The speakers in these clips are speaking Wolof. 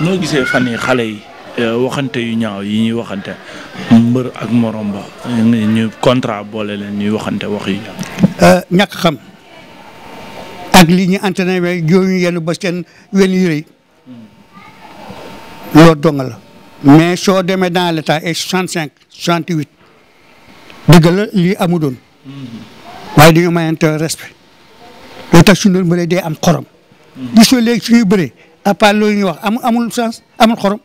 noo gisee fan yi xale yi euh, waxante yu ñaaw yi ñuy waxante mbër ak morom ba ñu contrat boole leen ñuy waxante wax yu euh, ñaaw. ñàkk xam ak li ñu entraîné we jooñu yenn ba seen wen yu rëy loolu dong la mais soo demee dans l' état ay soixante cinq soixante huit dëgg la lii amu doon waaye dañoo mayante respect loolu tax suñu bëree day am xorom. Mm-hmm. gisoo léegi suñuy bëree. à part loolu ñuy wax amul amul sens amul xorom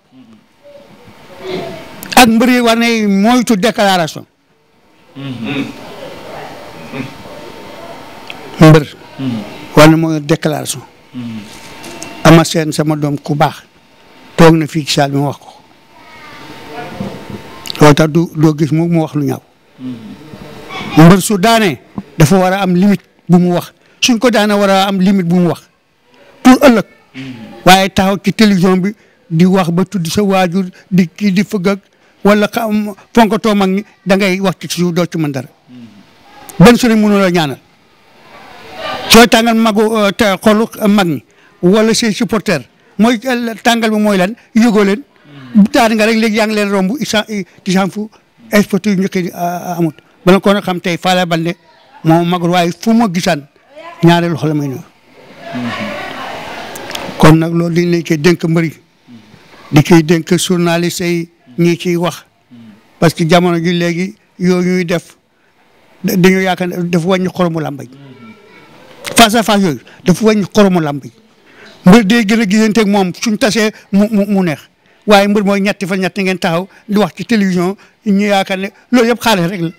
ak mbër yi war nañ moytu déclaration. mbër. war na mooy déclaration. ama seen sama doom ku baax toog na fii ci saal mu wax ko loolu du doo gis mu mu wax lu ñaaw. mbër su daanee dafa war a am limite bu mu wax suñ ko daanee war am limite bu mu wax pour ëllëg. waaye taxaw ci télévision bi di wax ba tudd sa waajur di kii di fëgg ak wala xam fonkatoo mag ñi da wax ci suuf doo ci mën dara benn sëriñ mënu la ñaanal sooy tàngal magu euh, te xolu mag ñi wala say supporter mooy euh, tàngal bi mooy lan yëgoo leen taar nga rek léegi yaa ngi leen romb isa tisan fu exporté yu njëkk amut bala ko xam tey Fala Baldé moom magul waaye fu ma gisaan ñaari loxo la may kon nag loolu liñ lañ koy dénk mbëri di koy dénk journaliste yi ñi ciy wax parce que jamono ji léegi yooyu ñuy def dañoo yaakaar ne dafa wàññi xoromu làmbañ face à fa yooyu dafa wàññi xoromu làmbañ mbër day gën a gisanteeg moom suñ tasee mu neex waaye mbër mooy ñetti fa ñetti ngeen taxaw di wax ci télévision ñu yaakaar ne loolu yëpp xaalis rek la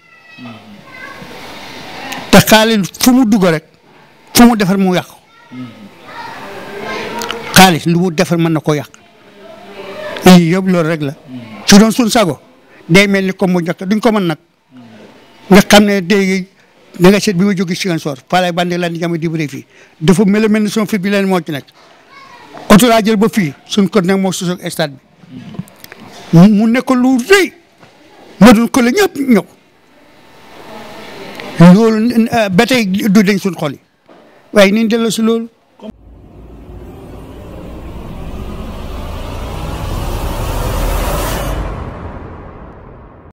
te xaalis fu mu dugg rek fu mu defar mu yàqu xaalis lu mu defar mën na ko yàq yow yëpp loolu rek la su doon suñ sago day mel ni comme mu njëkk ko mën nag nga xam ne day da nga seet bi ma jógee Ziguinchor Falaye Bande laa di jàmm di bëri fii dafa mel mel ni son fi bi leen moo ci nekk oto laa jël ba fii suñ ko nag moo susoog stade bi mu nekk lu rëy ma doon ko la ñëpp ñëw loolu ba tey du dañ suñ xol yi waaye ni ñu delloo